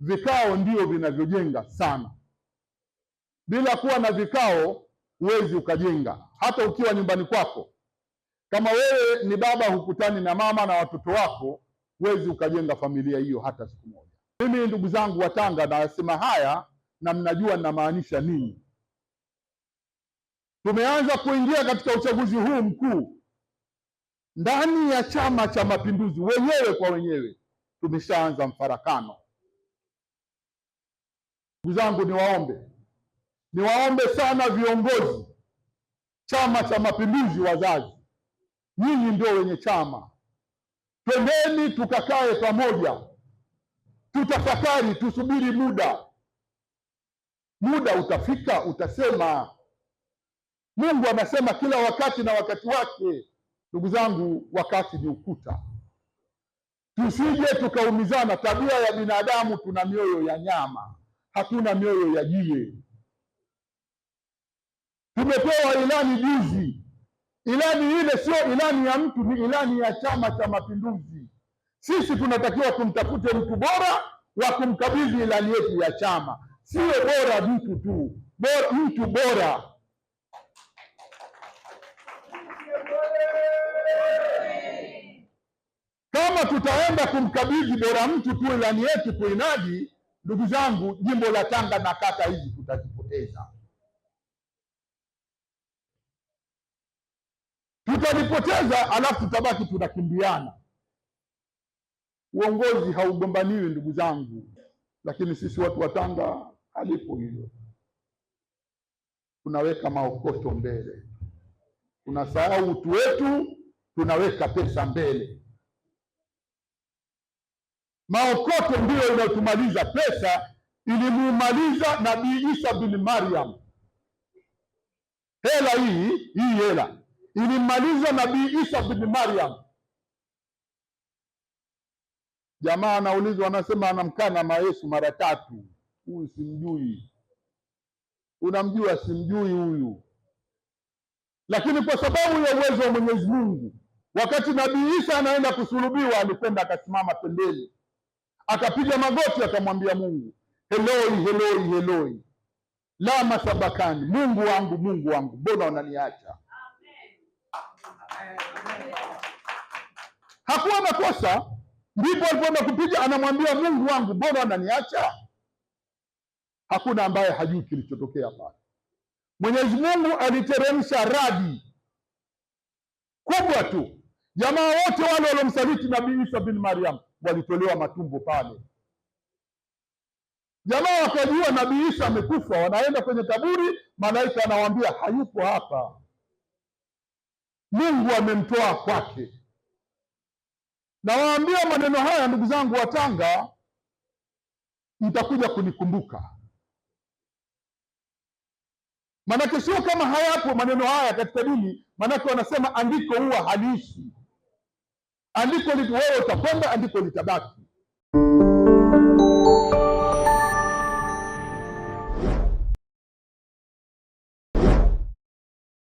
Vikao ndio vinavyojenga sana. Bila kuwa na vikao huwezi ukajenga. Hata ukiwa nyumbani kwako, kama wewe ni baba, hukutani na mama na watoto wako, huwezi ukajenga familia hiyo hata siku moja. Mimi ndugu zangu wa Tanga, nayasema haya na mnajua ninamaanisha nini. Tumeanza kuingia katika uchaguzi huu mkuu ndani ya Chama cha Mapinduzi, wenyewe kwa wenyewe tumeshaanza mfarakano. Ndugu zangu, niwaombe niwaombe sana viongozi Chama cha Mapinduzi, wazazi, nyinyi ndio wenye chama, twendeni tukakae pamoja, tutafakari, tusubiri muda. Muda utafika, utasema. Mungu anasema kila wakati na wakati wake. Ndugu zangu, wakati ni ukuta, tusije tukaumizana. Tabia ya binadamu, tuna mioyo ya nyama hakuna mioyo ya jiwe. Tumepewa ilani juzi. Ilani ile sio ilani ya mtu, ni ilani ya Chama cha Mapinduzi. Sisi tunatakiwa tumtafute mtu bora wa kumkabidhi ilani yetu ya chama, sio bora mtu tu, bora mtu bora. Kama tutaenda kumkabidhi bora mtu tu ilani yetu kuinadi Ndugu zangu, jimbo la Tanga na kata hizi tutazipoteza, tutalipoteza, alafu tutabaki tunakimbiana. Uongozi haugombaniwi ndugu zangu, lakini sisi watu wa Tanga halipo hilo. Tunaweka maokoto mbele, tunasahau utu wetu, tunaweka pesa mbele. Maokoto ndiyo inayotumaliza. Pesa ilimumaliza Nabii Isa bin Maryam. Hela hii hii hela ilimmaliza Nabii Isa bin Maryam. Jamaa anaulizwa, anasema anamkana ma mara tatu. Huyu simjui, unamjua? Simjui huyu. Lakini kwa sababu ya uwezo wa Mwenyezi Mungu, wakati Nabii Isa anaenda kusulubiwa, alikwenda akasimama pembeni akapiga magoti akamwambia Mungu, Eloi Eloi Eloi lama sabakani, Mungu wangu Mungu wangu mbona wananiacha? Hakuwa na kosa, ndipo alipoenda kupiga, anamwambia Mungu wangu mbona wananiacha? Hakuna ambaye hajui kilichotokea pale. Mwenyezi Mungu aliteremsha radi kubwa tu Jamaa wote wale waliomsaliti Nabii Isa bin Maryam walitolewa matumbo pale. Jamaa wakajua Nabii Isa amekufa, wanaenda kwenye kaburi, malaika anawaambia hayupo hapa, Mungu amemtoa kwake. Nawaambia maneno haya, ndugu zangu wa Tanga, mtakuja kunikumbuka, manake sio kama hayapo maneno haya katika dini. manake wanasema andiko huwa haliishi Andiko wewe utakwenda, andiko litabaki.